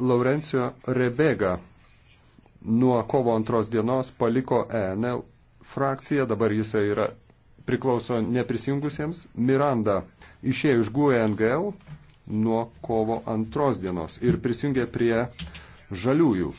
Laurencio Rebega nuo kovo antros dienos paliko ENL frakciją, dabar jisai yra priklauso neprisijungusiems. Miranda išėjo iš GUNGL e nuo kovo antros dienos ir prisijungė prie žaliųjų.